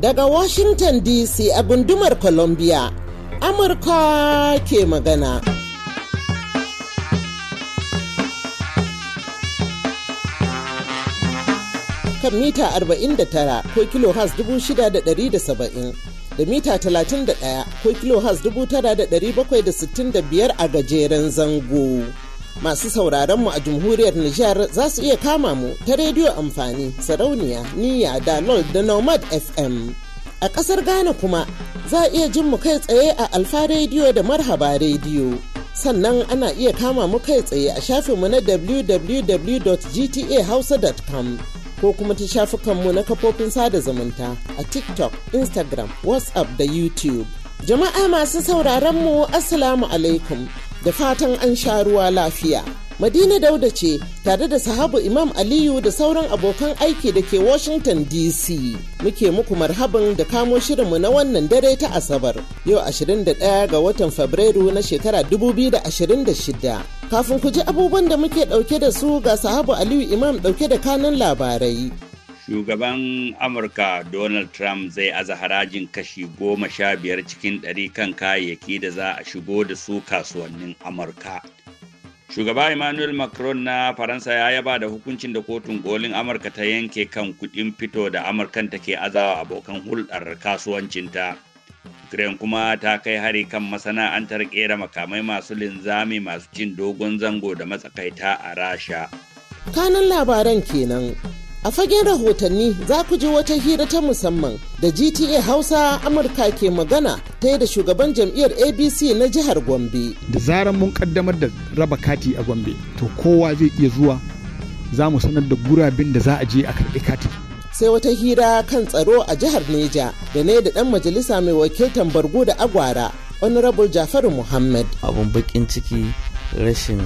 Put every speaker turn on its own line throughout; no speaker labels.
Daga Washington DC a gundumar Columbia, Amurka ke magana. Kan mita 49 ko kilo has 6,670. da mita 31 ko kilo has 9,765 a gajeren zango. masu sauraron mu a jamhuriyar Nijar za su iya kama mu ta rediyo amfani sarauniya niyya da lol da nomad fm a ƙasar ghana kuma za a iya jin mu kai tsaye a alfa rediyo da marhaba rediyo sannan ana iya kama mu kai tsaye a shafinmu na www.gtahausa.com ko kuma ta mu na kafofin sada zumunta a tiktok instagram whatsapp da youtube jama'a masu sauraron mu assalamu alaikum da fatan an sha ruwa lafiya. Madina Dauda ce tare da sahabu Imam Aliyu da sauran abokan aiki da ke Washington DC. Muke muku marhaban da kamo shirinmu na wannan dare ta Asabar. Yau 21 ga watan Fabrairu na shekara 2026. Kafin ku ji abubuwan da muke ɗauke da su ga sahabu Aliyu Imam ɗauke da kanun labarai.
shugaban amurka donald trump zai aza harajin kashi goma sha biyar cikin ɗari kan kayayyaki da za a shigo da su kasuwannin amurka shugaba emmanuel macron na faransa ya yaba da hukuncin da kotun kolin amurka ta yanke kan kudin fito da amurkan take azawa abokan hulɗar kasuwancinta ukraine kuma ta kai hari kan masana'antar kera makamai masu linzami masu cin dogon zango da matsakaita a rasha kanan
labaran kenan A fagen rahotanni za ku ji wata hira ta musamman da GTA Hausa Amurka ke magana ta da shugaban jam'iyyar ABC na jihar Gombe.
Da zarar mun kaddamar da raba kati a Gombe, to kowa zai iya zuwa za mu sanar da gurabin da za a je a karɓi kati.
Sai wata hira kan tsaro a jihar Neja da ne da ɗan majalisa mai wakiltan Bargo da Agwara, Honorable Jafaru Muhammad.
Abun bakin ciki rashin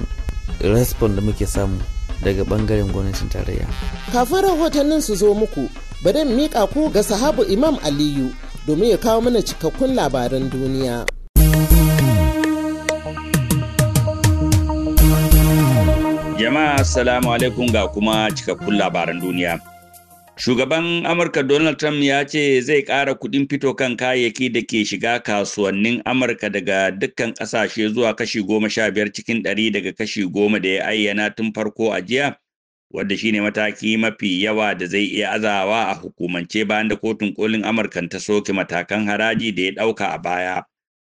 respon da muke samu daga bangaren
gwamnatin tarayya kafin rahotannin su zo muku bari miƙa ku ga sahabu imam aliyu domin ya kawo mana cikakkun labaran duniya
jama'a assalamu alaikum ga kuma cikakkun labaran duniya Shugaban Amurka Donald Trump ya ce zai ƙara kuɗin fito kan kayayyaki da ke shiga kasuwannin Amurka daga dukkan ƙasashe zuwa kashi goma sha biyar cikin ɗari daga kashi goma da ya ayyana tun farko a jiya, wadda shine mataki mafi yawa da zai iya azawa a hukumance bayan da kotun kolin Amurka ta soke matakan haraji da ya ɗauka a baya.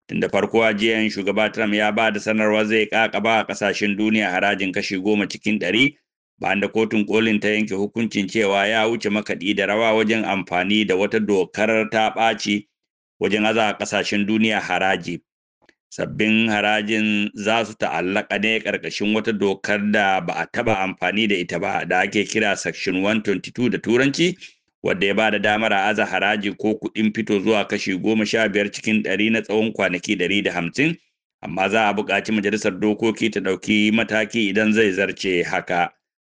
Tun da farko a jiyan shugaba Trump ya ba da sanarwa zai ƙaƙaba a ƙasashen duniya harajin kashi goma cikin ɗari bayan da kotun kolin ta yanke hukuncin cewa ya wuce makaɗi da rawa wajen amfani da wata dokar ta ɓaci wajen aza ƙasashen duniya haraji sabbin harajin za su ta'allaka ne ƙarƙashin wata dokar da ba a taɓa amfani da ita ba da ake kira section 122 da turanci wadda ya ba da damar a aza haraji ko kuɗin fito zuwa kashi goma sha biyar cikin ɗari na tsawon kwanaki ɗari da hamsin amma za a buƙaci majalisar dokoki ta ɗauki mataki idan zai zarce haka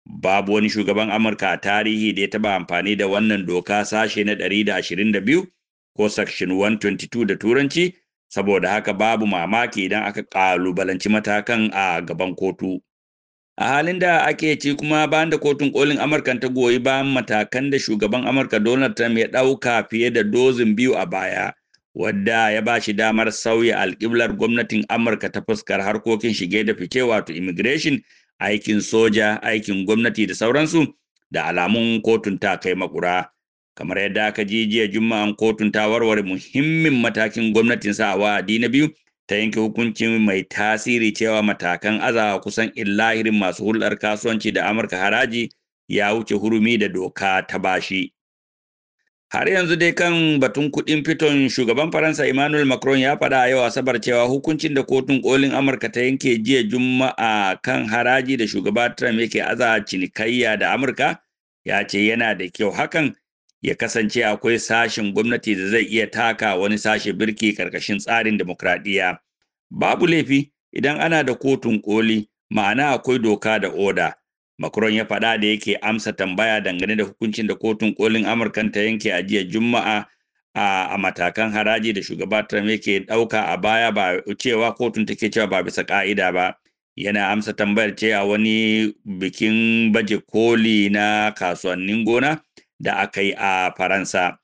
babu wani shugaban amurka a tarihi da ya taba amfani da wannan doka sashe na 122 ko section 122 da turanci saboda haka babu mamaki idan aka kalubalanci matakan a gaban kotu a halin da ake ci kuma bayan da kotun kolin amurka ta goyi bayan matakan da shugaban amurka donald trump ya ɗauka fiye da dozin biyu a baya wadda ya ba shi damar sauya alƙiblar gwamnatin amurka ta fuskar harkokin shige da fice wato immigration aikin soja aikin gwamnati da sauransu da alamun kotun ta kai makura kamar yadda aka ji jiya juma'an kotun ta warware muhimmin matakin gwamnatin sawa na biyu ta yanke hukunci mai tasiri cewa matakan azawa kusan illahirin masu hulɗar kasuwanci da amurka haraji ya wuce hurumi da doka ta bashi har yanzu dai kan batun kuɗin fiton shugaban faransa emmanuel macron ya faɗa a yau asabar cewa hukuncin da kotun kolin amurka ta yanke jiya juma'a kan haraji da shugaba trump yake aza cinikayya da amurka ya ce yana da kyau hakan ya kasance akwai sashin gwamnati da zai iya taka wani sashe birki karkashin tsarin demokradiyya babu laifi idan ana da kotun koli ma'ana akwai doka da oda Macron ya faɗa da yake amsa tambaya dangane da hukuncin da kotun kolin Amurkan ta yanke a jiya Juma'a a matakan haraji da shugaba Trump yake ɗauka a baya ba cewa kotun take cewa ba bisa ƙa'ida ba. Yana amsa tambayar ce a wani bikin baje koli na kasuwannin gona da aka yi a Faransa.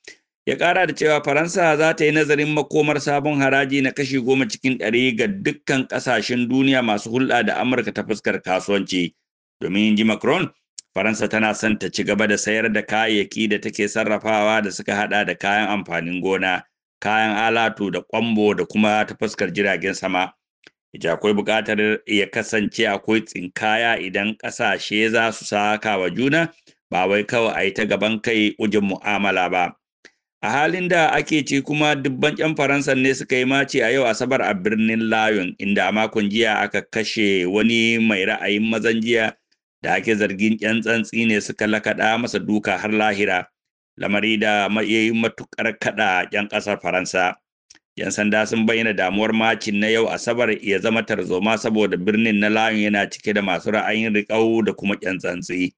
Ya kara da cewa Faransa za ta yi nazarin makomar sabon haraji na kashi goma cikin ɗari ga dukkan ƙasashen duniya masu hulɗa da Amurka ta fuskar kasuwanci. domin ji Macron Faransa tana son ta ci gaba da sayar da kayayyaki da take sarrafawa da suka hada da kayan amfanin gona, kayan alatu da kwambo da kuma ta fuskar jiragen sama. Ita akwai buƙatar ya kasance akwai tsinkaya idan kasashe za su saka wa juna ba wai kawai a yi ta gaban kai ujin mu'amala ba. A halin da ake ci kuma dubban 'yan Faransa ne suka yi mace a yau Asabar a birnin Layon inda a makon jiya aka kashe wani mai ra'ayin mazan jiya. da ake zargin ƴan tsantsi ne suka lakaɗa masa duka har lahira lamari da ya matuƙar kaɗa 'yan ƙasar faransa Ƴan sanda sun bayyana damuwar macin na yau asabar ya zama tarzoma saboda birnin na layin yana cike da masu ra'ayin riƙau da kuma ƴan tsantsi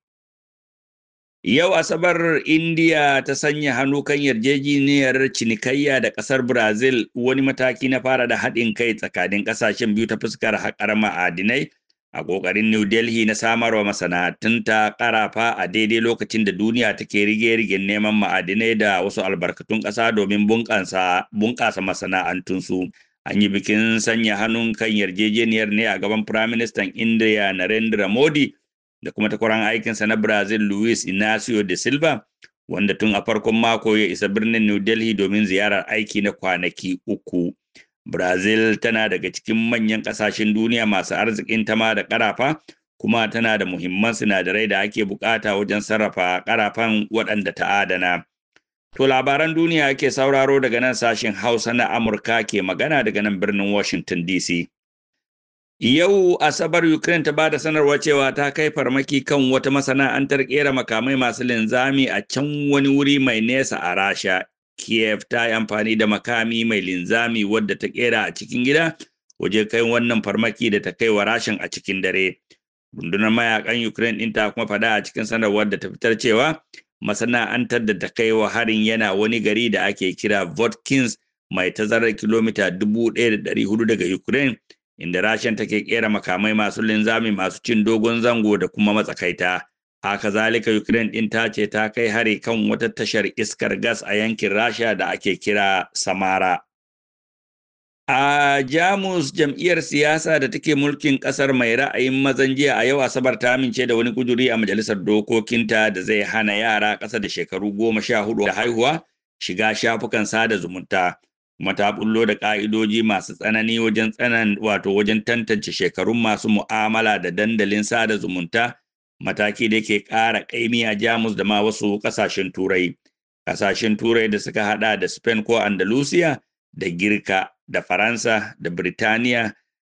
yau asabar indiya ta sanya hannu kan yarjejeniyar cinikayya da ƙasar brazil wani mataki na fara da haɗin kai tsakanin ƙasashen biyu ta fuskar haƙar ma'adinai a ƙoƙarin New Delhi na samarwa masana'antunta ƙarafa a daidai lokacin da duniya take rige-rigen neman ma'adinai da wasu albarkatun ƙasa domin bunƙasa masana'antunsu. An yi bikin sanya hannun kan yarjejeniyar ne a gaban Firaministan Indiya Narendra Modi da kuma takwaran aikinsa na Brazil Luis Inacio de Silva, wanda tun a farkon mako ya isa birnin New Delhi domin ziyarar aiki na kwanaki uku. Brazil tana daga cikin manyan ƙasashen duniya masu arzikin ta ma da ƙarafa kuma tana da muhimman sinadarai da ake buƙata wajen sarrafa ƙarafan waɗanda ta adana. To labaran duniya ke sauraro daga nan sashen Hausa na Amurka ke magana daga nan birnin Washington DC. Yau Asabar Ukraine ta ba da sanarwa cewa ta kai farmaki kan wata masana'antar ƙera makamai masu linzami a can wani wuri mai nesa a Rasha Kiev ta yi amfani da makami mai linzami wadda ta kera a cikin gida waje kai wannan farmaki da ta kai wa rashin a cikin dare. Rundunar mayakan Ukraine ɗin ta kuma faɗa a cikin sanarwar da ta fitar cewa masana'antar da ta kai wa harin yana wani gari da ake kira Votkins mai tazarar kilomita dubu da hudu daga Ukraine inda rashin take kera makamai masu linzami masu cin dogon zango da kuma matsakaita. haka zalika ukraine din ta ce ta kai hari kan wata tashar iskar gas a yankin rasha da ake kira samara a jamus jam'iyyar siyasa da take mulkin kasar mai ra'ayin mazan jiya a yau asabar ta amince da wani kuduri a majalisar dokokinta da zai hana yara ƙasa da shekaru goma sha hudu da haihuwa shiga shafukan sada zumunta kuma ta bullo da ƙa'idoji masu tsanani wajen tsanan wato wajen tantance shekarun masu mu'amala da dandalin sada zumunta mataki da ke ƙara ƙaimi a Jamus da ma wasu ƙasashen Turai. Ƙasashen Turai da suka haɗa da Spain ko Andalusiya da Girka da Faransa da Birtaniya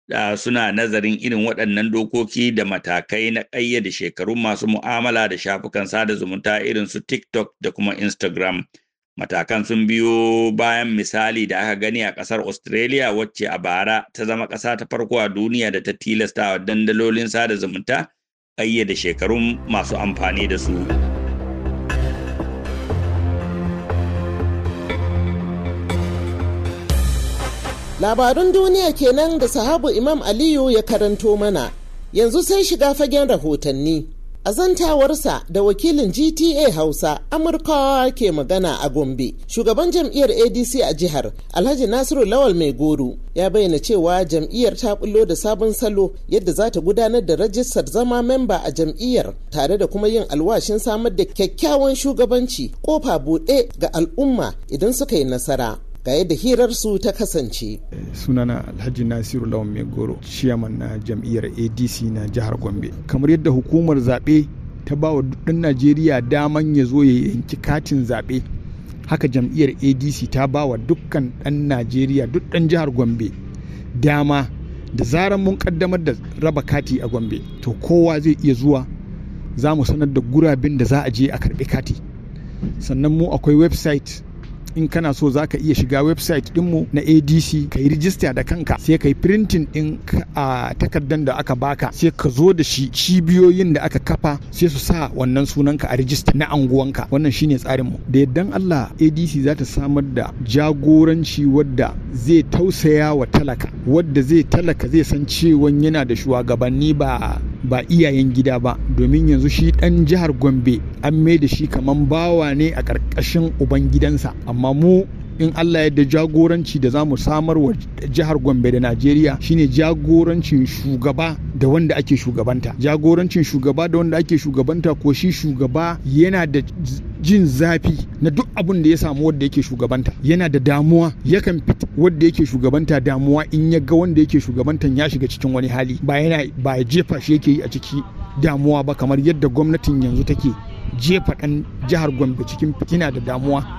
da suna nazarin irin waɗannan dokoki da matakai na ƙayyade shekarun masu mu'amala da shafukan sada zumunta irin su TikTok da kuma Instagram. Matakan sun biyo bayan misali da aka gani a ƙasar Australia wacce a bara ta zama ƙasa ta farko a duniya da ta tilasta wa dandalolin sada zumunta da shekarun masu amfani da su.
Labarun duniya kenan da sahabu Imam Aliyu ya karanto mana, yanzu sai shiga fagen rahotanni. A zantawarsa da wakilin GTA Hausa Amurkawa ke magana a Gombe, shugaban jam'iyyar ADC a jihar Alhaji Nasiru Lawal Mai Goro ya bayyana cewa jam'iyyar ta bullo da sabon salo yadda za ta gudanar da rajistar zama memba a jam'iyyar tare da kuma yin alwashin samar da kyakkyawan shugabanci kofa buɗe ga al'umma idan suka yi nasara.
ga yadda hirarsu ta kasance. sunana alhaji nasiru lawan mai goro na jam'iyyar adc na jihar gombe kamar yadda hukumar zaɓe ta ba wa ɗan najeriya daman ya zo ya yanki katin zaɓe haka jam'iyyar adc ta ba wa dukkan ɗan najeriya duk ɗan jihar gombe dama da zaran mun kaddamar da raba kati a gombe to kowa zai iya zuwa za mu sanar da gurabin da za a je a karɓi kati sannan mu akwai website in kana so za ka iya shiga website dinmu na adc ka yi rijista da kanka sai ka yi printing din a takardar da aka baka sai ka zo da shi cibiyoyin da aka kafa sai su sa wannan sunanka a rijista na anguwanka wannan shine tsarinmu da yaddan allah adc za ta samar da jagoranci wadda zai tausaya wa talaka wadda zai talaka zai san cewa yana da shugabanni ba ba iyayen gida ba domin yanzu shi dan jihar gombe an mai da shi kaman bawa ne a ƙarƙashin ubangidansa amma amma mu in Allah yadda jagoranci da za mu samar wa jihar Gombe da Najeriya shine jagorancin shugaba da wanda ake shugabanta jagorancin shugaba da wanda ake shugabanta ko shi shugaba yana da jin zafi na duk abin da ya samu wanda yake shugabanta yana da damuwa yakan fit wanda yake shugabanta damuwa in ya ga wanda yake shugabantan ya shiga cikin wani hali ba yana ba jefa shi yake yi a ciki damuwa ba kamar yadda gwamnatin yanzu take jefa ɗan jihar Gombe cikin fitina da damuwa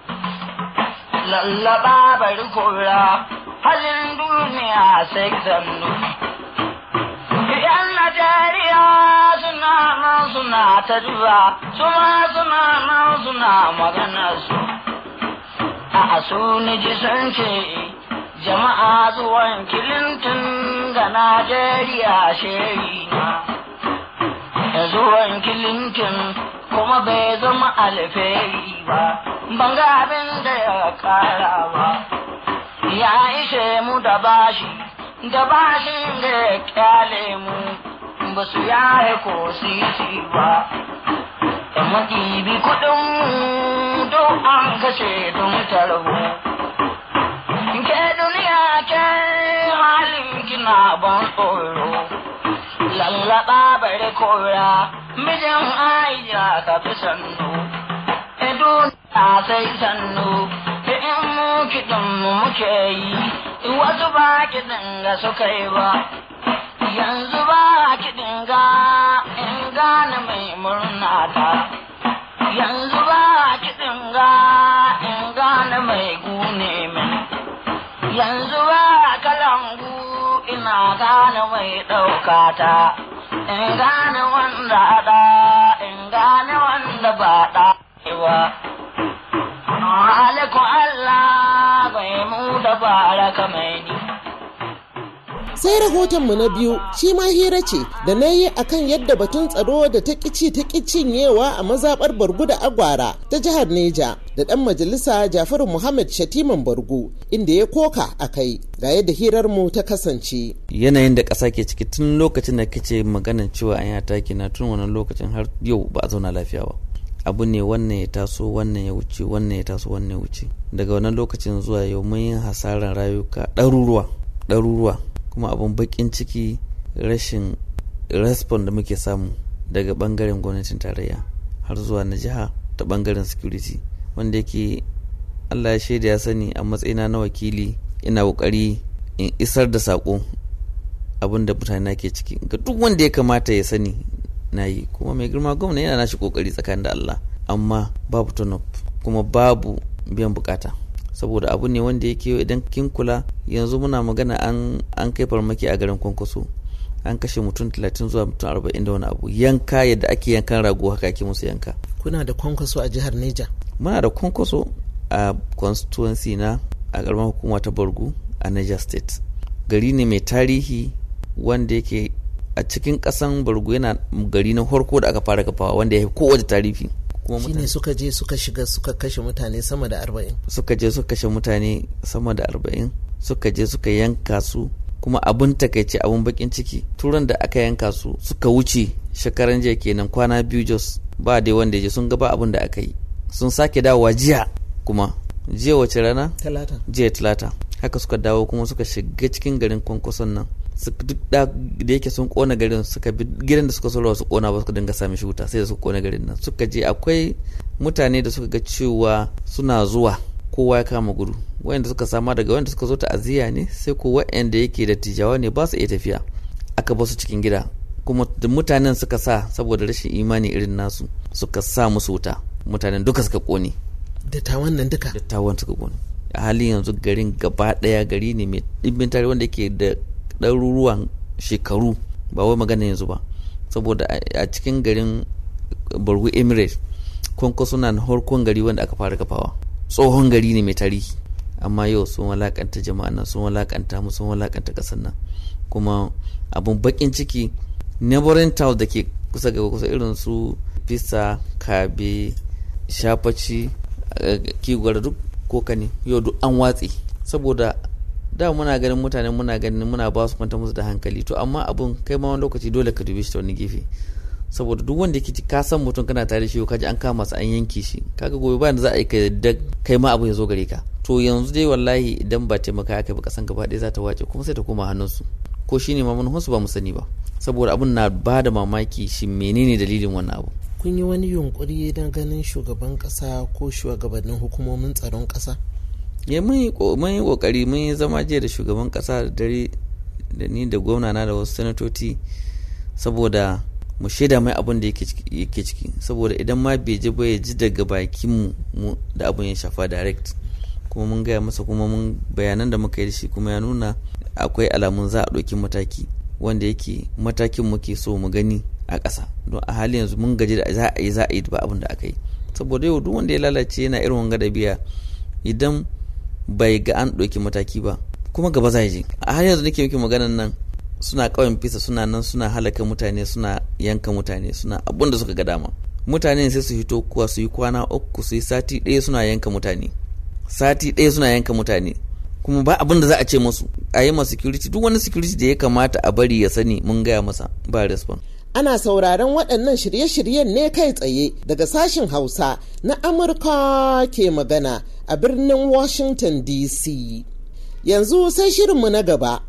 lallaba bari kora halin duniya sai zannu yan najeriya suna nan suna ta jura suma suna nan suna magana su a su ni ji ce jama'a zuwan kilintin ga najeriya sheri na zuwan kilintin kuma bai zama alfahari ba ban ga abin da ya kara ba ya ishe mu da bashi da bashin da ya kyale mu ba su ko sisi ba da maɗibi kuɗin mu don an kashe don tarho ke duniya ke halin kina ban tsoro lallaba bare kora mijin aija ka fi sannu duniya sai sannu in mu kiɗan mu muke yi wasu ba kiɗin ga su kai ba yanzu ba kiɗin ga in gane mai murna ta
yanzu ba
kiɗin ga in gane mai gune min yanzu ba kalangu ina gane mai ɗauka ta in gane wanda da in gane wanda ba ɗa rayuwa rahoton mu
sai rahotonmu na biyu shi ma hira ce da na yi a kan yadda batun tsaro da ta kici ta cinyewa a mazaɓar bargu da agwara ta jihar neja da ɗan majalisa jafaru muhammad shatiman bargu inda ya koka a kai ga yadda hirarmu ta kasance
yanayin da ƙasa ke ciki tun lokacin da kice maganar cewa an yi taki na tun wannan lokacin har yau ba a zauna lafiya ba abu ne wannan ya taso wannan ya wuce wannan ya taso wannan ya wuce daga wannan lokacin zuwa yau mun yi hasarar rayuka ɗaruruwa ɗaruruwa kuma abin baƙin ciki rashin respond da muke samu daga bangaren gwamnatin tarayya har zuwa na jiha ta ɓangaren security wanda yake allah ya shaida ya sani a matsayina na wakili ina ƙoƙari in isar da saƙo abin da mutane ke ciki ga duk wanda ya kamata ya sani na yi kuma mai girma gwamna yana nashi kokari tsakanin da Allah amma babu tonop. kuma babu biyan bukata saboda abu ne wanda yake idan kin kula yanzu muna magana an an kai farmaki a garin kwankwaso an kashe mutum 30 zuwa mutum 40 da wani abu yanka yadda ake yankan rago haka ake musu yanka
kuna da kwankwaso a jihar Niger.
muna da kwankwaso a constituency na a garin hukuma ta Borgu a Niger state gari ne mai tarihi wanda yake a cikin kasan bargo yana gari na farko da aka fara kafawa wanda ya fi kowace tarifi
shine suka je suka shiga suka kashe mutane sama da arba'in
suka je suka kashe mutane sama da arba'in suka je suka yanka su kuma abin takaice abin bakin ciki turan da aka yanka su suka wuce shekaran jiya kenan kwana biyu jos ba dai wanda ya je sun gaba abin da aka yi sun sake dawowa jiya kuma jiya wace rana jiya talata haka suka dawo kuma suka shiga cikin garin kwankwason nan duk da da yake sun kona garin suka bi gidan da suka so su kona ba suka dinga sami shi sai da suka kona garin nan suka je akwai mutane da suka ga cewa suna zuwa kowa ya kama gudu wayanda suka sama daga wayanda suka zo aziya ne sai ko wayanda yake da tijawa ne ba su iya tafiya aka ba su cikin gida kuma mutanen suka sa saboda rashin imani irin nasu suka sa musu wuta mutanen duka suka kone
dattawan nan duka
dattawan suka kone a halin yanzu garin gaba daya gari ne mai dimbin tare wanda yake da ɗaruruwan shekaru ba wai magana yanzu ba saboda a cikin garin borgu emirates kwankwaso na harkon gari wanda aka fara kafawa tsohon gari ne mai tarihi amma yau sun walakanta jama'a nan sun walakanta mu sun walakanta ƙasar nan kuma abun bakin ciki neighboring town da ke kusa ga kusa irin su fisa kabe shafaci eh, kigwar duk ko ne yau duk an watse saboda da muna ganin mutane muna ganin muna ba su kwanta musu da hankali to amma abun kai ma wani lokaci dole ka dubi shi ta wani gefe saboda duk wanda yake ka san mutum kana tare da shi ka ji an kama su an yanki shi kaga gobe ba za a yi ka kai ma abun ya zo gare ka to yanzu dai wallahi idan ba taimaka aka ba kasan gaba ɗaya za ta wace kuma sai ta koma hannunsu ko shine ma manuhansu ba mu sani ba saboda abun na ba da mamaki shi menene dalilin wannan abu
kun yi wani yunkuri don ganin shugaban kasa ko shugabannin hukumomin tsaron kasa
ya mun yi kokari mun zama jiya da shugaban kasa da dare da ni da gwamna na da wasu sanatoci saboda mu shaida mai abin da yake ciki saboda idan ma bai ji ba ya ji daga bakin mu da abin ya shafa direct kuma mun gaya masa kuma mun bayanan da muka yi da shi kuma ya nuna akwai alamun za a ɗauki mataki wanda yake matakin muke so mu gani a ƙasa don a halin yanzu mun gaji da za a yi za a yi ba abin da aka yi saboda yau duk wanda ya lalace yana irin wanga da biya idan bai ga an ɗauki mataki ba kuma gaba zai je a har yanzu nake muke maganan nan suna ƙauyen fisa suna nan suna halaka mutane suna yanka mutane suna abun da suka ga dama mutane sai su hito kuwa su yi kwana uku su yi sati ɗaya suna yanka mutane sati ɗaya suna yanka mutane kuma ba abin da za a ce musu a yi ma security duk wani security da ya kamata a bari ya sani mun gaya masa ba response
Ana sauraron waɗannan shirye-shiryen ne kai tsaye daga sashen Hausa na Amurka ke magana a birnin Washington DC. Yanzu sai shirinmu na gaba.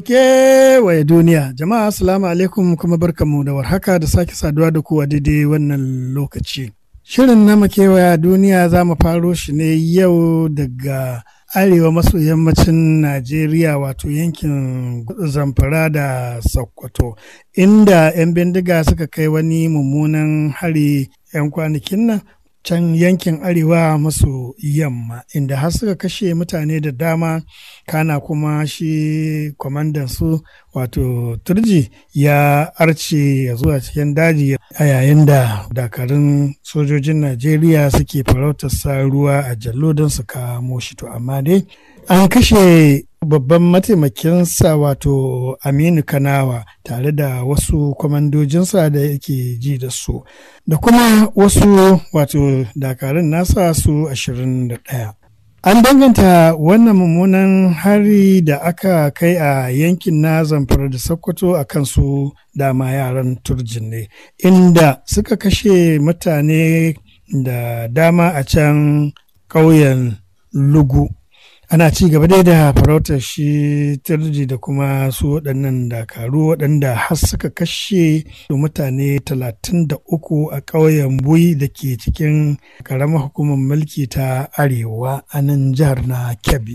kewaye duniya jama'a assalamu alaikum kuma barkanmu da warhaka da sake saduwa da kowa daidai wannan lokaci shirin na kewaya duniya za mu faro shi ne yau daga arewa maso yammacin najeriya wato yankin zamfara da sokoto inda 'yan bindiga suka kai wani mummunan hari 'yan kwanakin nan can yankin arewa masu yamma inda har suka kashe mutane da dama kana kuma shi kwamandan su wato turji ya arce ya zuwa cikin daji a yayin da dakarun sojojin najeriya suke farautar sa ruwa a jallo don su kamo shi to amma dai an kashe babban mataimakinsa wato aminu kanawa tare da wasu kwamandojinsa da yake ji da su da kuma wasu wato dakarun nasa su 21 an danganta wannan mummunan hari da aka kai a yankin na zamfara da sokoto a kansu dama yaran turjin ne inda suka kashe mutane da dama a can ƙauyen lugu ana ci gaba dai da farautar shi tirji da kuma su waɗannan dakaru waɗanda har suka kashe mutane 33 a ƙauyen bui da ke cikin ƙaramar hukumar mulki ta arewa a nan jihar na kebbi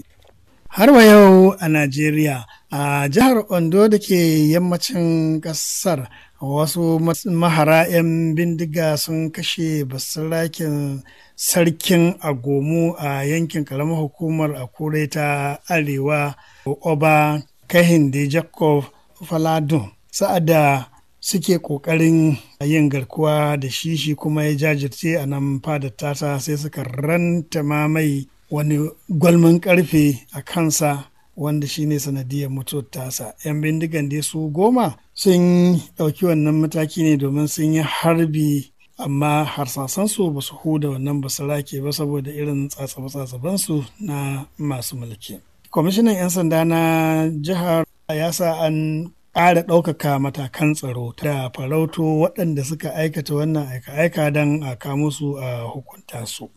har wa yau a najeriya a jihar ondo da ke yammacin ƙasar wasu mahara 'yan bindiga sun kashe basirakin sarkin agomu a yankin karamar hukumar akure ta arewa oba kahinde jacob faladun sa'ada suke ƙoƙarin yin garkuwa da shishi kuma ya jajirce a nan fadar tata sai suka ranta mai wani gwalman karfe a kansa wanda shi shine sanadiyar mutuwar tasa yan bindigan dai su goma sun ɗauki wannan mataki ne domin sun yi harbi amma harsasansu ba su huda wannan ba su rake ba saboda irin tsatsa tsatsabensu na masu mulki kwamishinan 'yan sanda na jihar ya sa an ƙara ɗaukaka matakan tsaro da farauto waɗanda suka aikata wannan aika-aika don a kamo su a hukunta su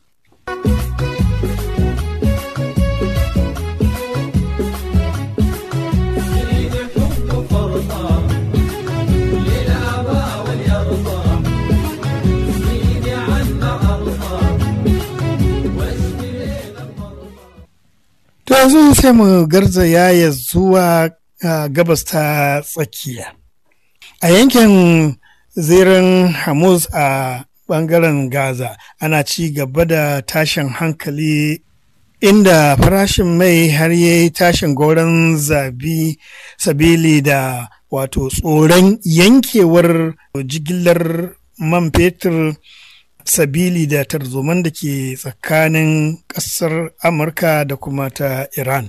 yanzu sai mu garzaya ya zuwa gabas ta tsakiya. A yankin zirin Hamus a bangaren Gaza ana ci gaba da tashin hankali inda farashin mai har ya yi tashin goron zabi sabili da wato tsoron yankewar jigilar man fetur sabili da tarzoman da ke tsakanin ƙasar amurka da kuma ta iran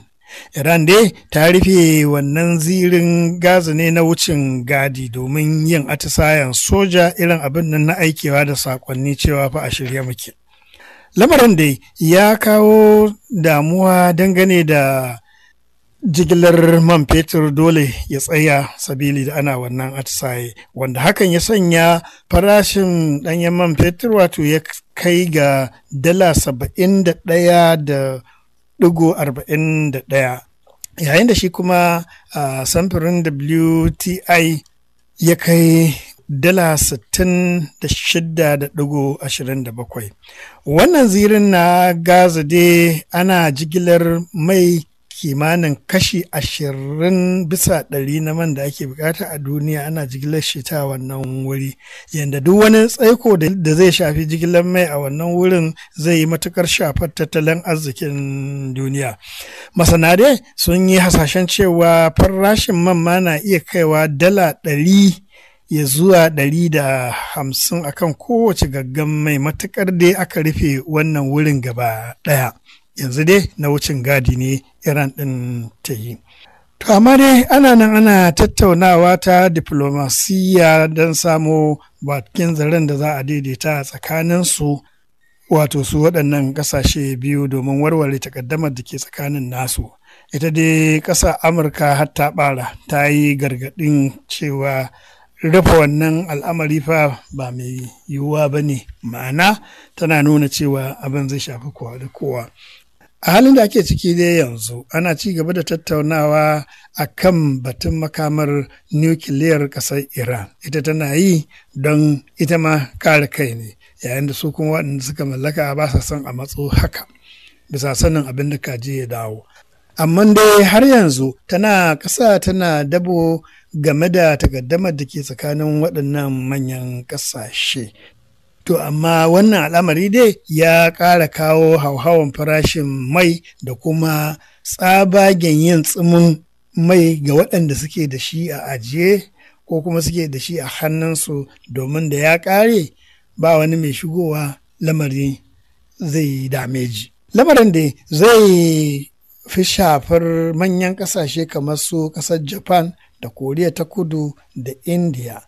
iran dai ta rufe wannan zirin gaza ne na wucin gadi domin yin atisayen soja irin abin nan na aikewa da sakonni cewa fa a shirya muke lamarin dai ya kawo damuwa dangane da jigilar man fetur dole ya tsaya sabili da ana wannan atisaye wanda hakan ya sanya farashin ɗanyen man fetur wato ya kai ga dala saba'in da ɗaya da ɗigo arba'in da ɗaya yayin da shi kuma a samfurin wti ya kai dala sittin da da da shidda ashirin bakwai. wannan zirin na gaza dai ana jigilar mai kimanin kashi ashirin bisa ɗari na man da ake bukata a duniya ana jigilar shi ta wannan wuri yadda duk wani tsaiko da zai shafi jigilar mai a wannan wurin zai yi matukar shafar tattalin arzikin duniya masana dai sun yi hasashen cewa farashin man ma na iya kaiwa dala ɗari ya zuwa ɗari da hamsin akan kowace gaggan mai matukar dai aka rufe wannan wurin gaba ɗaya yanzu dai na wucin gadi ne iran ɗin ta yi to amma dai ana nan ana tattaunawa ta diplomasiya don samo bakin zaren da za a daidaita a tsakaninsu wato su waɗannan ƙasashe biyu domin warware takaddamar da ke tsakanin nasu ita dai ƙasa amurka har ta ɓara ta yi gargaɗin cewa rufe wannan al'amari fa ba mai yiwuwa ba ne ma'ana tana nuna cewa abin zai shafi kowa da kowa a halin da ake ciki dai yanzu ana ci gaba da tattaunawa a kan batun makamar nukiliyar ƙasar iran ita tana yi don ita ma kare kai ne yayin da su kuma waɗanda suka mallaka ba sa son a matso haka bisa sanin abin da kaji ya dawo amma dai har yanzu tana ƙasa tana dabo game da takaddamar da ke tsakanin waɗannan manyan ƙasashe To amma wannan al'amari dai ya ƙara kawo hauhawan farashin mai da kuma tsabagen yin tsimin mai ga waɗanda suke da shi a ajiye ko kuma suke da shi a hannunsu domin da ya ƙare ba wani mai shigowa lamari zai dame ji. Lamarin da zai fi shafar manyan ƙasashe kamar su ƙasar Japan da Koriya ta Kudu da India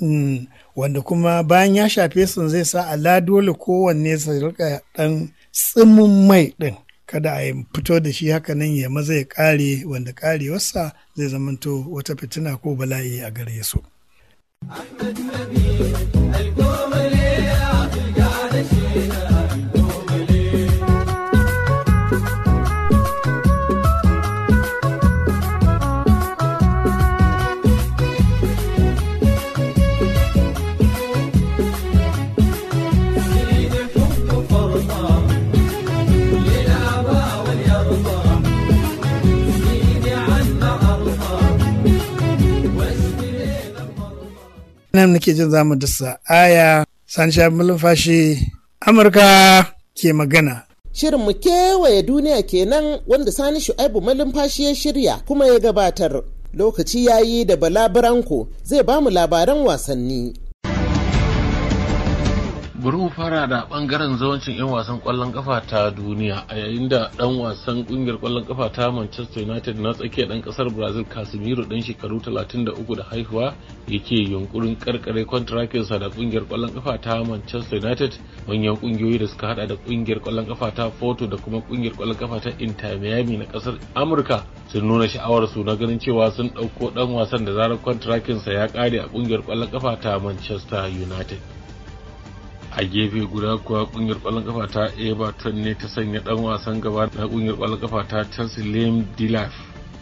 Mm, wanda kuma bayan ya shafe sun zai sa ala dole kowanne su rika ɗan tsimin mai ɗin kada a fito da shi haka nan ya maza ya kare wanda ƙarewarsa zai zamanto wata fitina ko bala'i a gare su. nake jin zamu dasa aya sani shafi amurka ke magana Shirin mu kewaye duniya kenan wanda sani
shu'aibu malumfashi ya shirya kuma ya gabatar lokaci yayi da bala branko zai bamu labaran wasanni
bari mu fara da bangaren zawancin 'yan wasan kwallon kafa ta duniya a yayin da dan wasan kungiyar kwallon kafa ta manchester united na tsakiya dan kasar brazil casemiro dan shekaru 33 da haihuwa yake yunkurin karkare kontrakinsa da kungiyar kwallon kafa ta manchester united manyan kungiyoyi da suka hada da kungiyar kwallon kafa ta porto da kuma kungiyar kwallon kafa ta inter miami na kasar amurka sun nuna sha'awar su na ganin cewa sun dauko dan wasan da zarar kontrakinsa ya kare a kungiyar kwallon kafa ta manchester united a gefe guda kuwa kungiyar kwallon kafa ta everton ne ta sanya dan wasan gaba na kungiyar kwallon kafa ta chelsea liam dilaf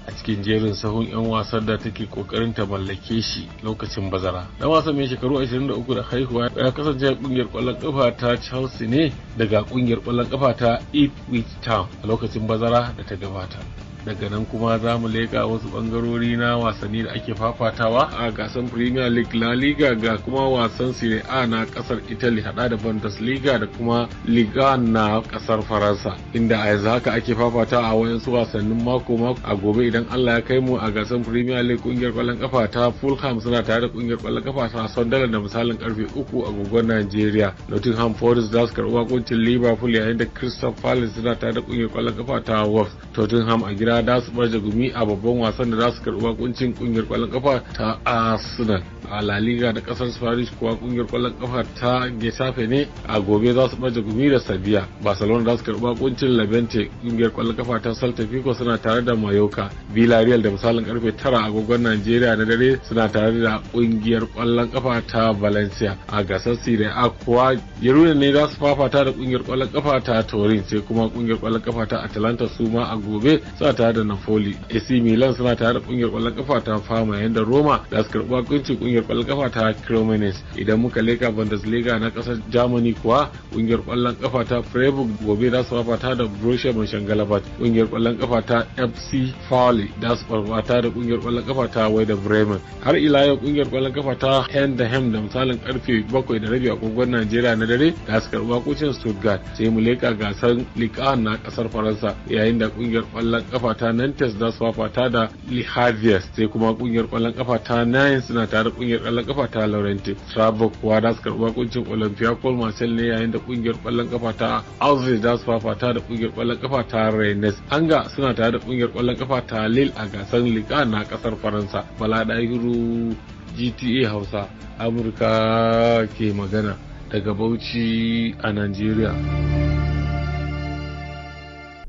a cikin jerin sahun 'yan wasan da take kokarin ta mallake shi lokacin bazara dan wasan mai shekaru 23 da haihuwa ya kasance a kungiyar kwallon kafa ta chelsea ne daga kungiyar kwallon kafa ta ipswich town a lokacin bazara da ta gabata daga nan kuma za mu leƙa wasu ɓangarori na wasanni da ake fafatawa a gasar premier league la liga ga kuma wasan serie a na kasar italy hada da bundesliga da kuma liga na ƙasar faransa inda a yanzu haka ake fafatawa a wayansu wasannin mako mako a gobe idan allah ya kai mu a gasar premier league kungiyar ƙwallon kafa ta fulham suna tare da kungiyar ƙwallon kafa ta sunderland da misalin karfe uku a gogon nigeria nottingham forest za su karɓi wakuncin liverpool yayin da crystal palace suna tare da kungiyar ƙwallon kafa ta wolves tottenham a gida gida da su barje gumi a babban wasan da za su karɓi bakuncin kungiyar kwallon kafa ta Arsenal. A La Liga da kasar Spanish kuwa kungiyar kwallon kafa ta Getafe ne a gobe za su bar gumi da Sevilla. Barcelona za su karɓi bakuncin Levante kungiyar kwallon kafa ta Celta Vigo suna tare da Mallorca. Villarreal da misalin karfe 9 agogon Najeriya na dare suna tare da kungiyar kwallon kafa ta Valencia. A gasar Serie A kuwa yaruna ne za su fafata da kungiyar kwallon kafa ta torin sai kuma kungiyar kwallon kafa ta Atalanta su ma a gobe suna tare da Napoli. AC Milan suna tare da kungiyar kwallon kafa ta Fama yadda Roma za su karɓi hukuncin kungiyar kwallon kafa ta Cremonese. Idan muka leka Bundesliga na kasar Germany kuwa kungiyar kwallon kafa ta Freiburg gobe za su fafata da Borussia Mönchengladbach. Kungiyar kwallon kafa ta FC Pauli za su fafata da kungiyar kwallon kafa ta Werder Bremen. Har ila yau kungiyar kwallon kafa ta Hendham da misalin karfe 7 da rabi a agogon Najeriya na dare za su karɓi Stuttgart. Sai mu leka gasar Ligue na kasar Faransa yayin da kungiyar kwallon kafa fafata nantes za su fafata da lihavias sai kuma kungiyar kwallon kafa ta nines suna tare kungiyar kwallon kafa ta laurenti strasbourg kuwa za su karɓi bakuncin olympiacos marcel ne yayin da kungiyar kwallon kafa ta auxerre za su fafata da kungiyar kwallon kafa ta rennes hanga suna tare da kungiyar kwallon kafa ta lille a gasar liga na kasar faransa bala dahiru gta hausa amurka ke magana daga bauchi a nigeria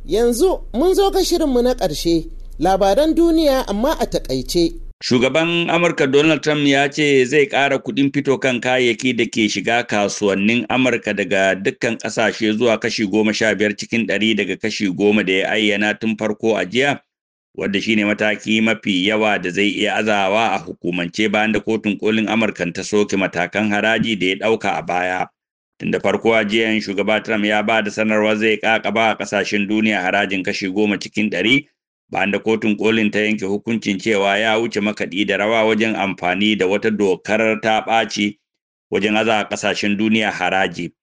Yanzu mun zo ga shirinmu na ƙarshe labaran duniya amma a takaice.
Shugaban Amurka Donald Trump ya ce zai ƙara kuɗin fito kan kayayyaki da ke shiga kasuwannin Amurka daga dukkan ƙasashe zuwa kashi goma sha biyar cikin ɗari daga kashi goma da ya ayyana tun farko a jiya, wadda shi ne mataki mafi yawa da zai iya azawa a hukumance bayan da kotun kolin amurka ta soke matakan haraji da ya ɗauka a baya. tunda farko a jiyan shugaba Trump ya ba da sanarwa zai kakaba a kasashen duniya harajin kashi goma cikin ɗari bayan da kotun kolin ta yanke hukuncin cewa ya wuce makaɗi da rawa wajen amfani da wata dokar ta ɓaci wajen aza a kasashen duniya haraji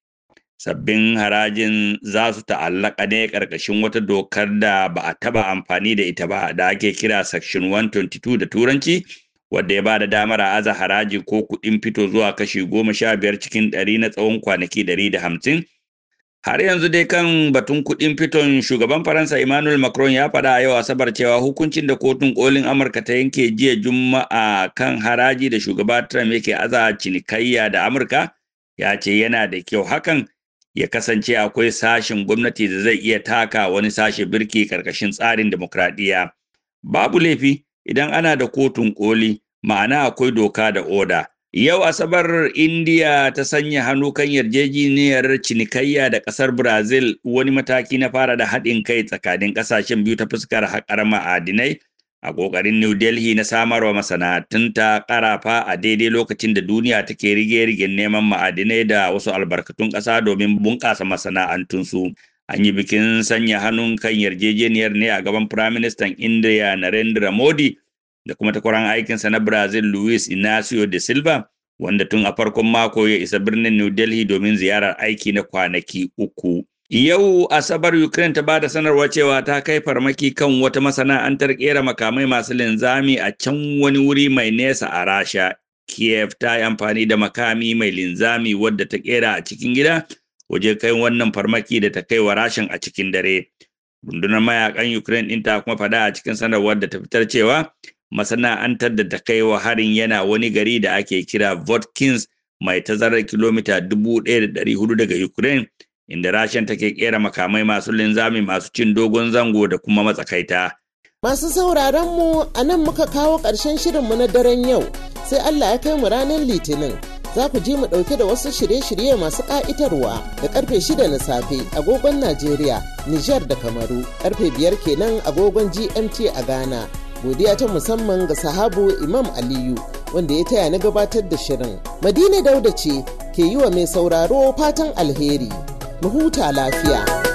sabbin harajin za su ta'allaka ne ƙarƙashin wata dokar da ba a taɓa amfani da ita ba da ake kira section 122 da turanci wadda ya ba da damar a aza haraji ko kuɗin fito zuwa kashi goma sha biyar cikin ɗari na tsawon kwanaki ɗari da hamsin. Har yanzu dai kan batun kuɗin fiton shugaban Faransa Emmanuel Macron ya faɗa a yau Asabar cewa hukuncin da kotun kolin Amurka ta yanke jiya Juma'a kan haraji da shugaba Trump yake aza cinikayya da Amurka ya ce yana da kyau hakan ya kasance akwai sashin gwamnati da zai iya taka wani sashe birki karkashin tsarin demokradiyya. Babu laifi idan ana da kotun koli ma'ana akwai doka da oda yau asabar india ta sanya hannu kan yarjejeniyar cinikayya da ƙasar brazil wani mataki na fara da haɗin kai tsakanin ƙasashen biyu ta fuskar haƙar ma'adinai a ƙoƙarin new delhi na samarwa masana'antunta ƙarafa a daidai lokacin da duniya take rige-rigen neman ma'adinai da wasu albarkatun ƙasa domin bunƙasa masana'antunsu an yi bikin sanya hannun kan yarjejeniyar ne a gaban firaministan indiya narendra modi da kuma takwaran aikinsa na brazil luis inacio de silva wanda tun a farkon mako ya isa birnin new delhi domin ziyarar aiki na kwanaki uku Yau Asabar Ukraine ta bada sanarwa cewa ta kai farmaki kan wata masana'antar kera makamai masu linzami a can wani wuri mai nesa a Rasha. Kiev ta yi amfani da makami mai linzami wadda ta kera a cikin gida waje kai wannan farmaki da ta kai wa rashin a cikin dare rundunar mayakan ukraine ɗin ta kuma faɗa a cikin sanarwar da ta fitar cewa masana'antar da ta kai wa harin yana wani gari da ake kira votkins mai tazarar kilomita 1,400 daga ukraine inda rashin take kera makamai masu linzami masu cin dogon zango da kuma matsakaita
masu sauraron mu a nan muka kawo ƙarshen shirinmu na daren yau sai allah ya kai mu ranar litinin za ku ji mu ɗauke da wasu shirye-shirye masu ƙa'itarwa da ƙarfe shida na safe agogon Najeriya, Nijar da Kamaru, ƙarfe biyar kenan agogon GMT a Ghana. Godiya ta musamman ga sahabu Imam Aliyu wanda ya taya na gabatar da shirin. Madina Dauda ce ke yi wa mai sauraro fatan alheri. Mu huta lafiya.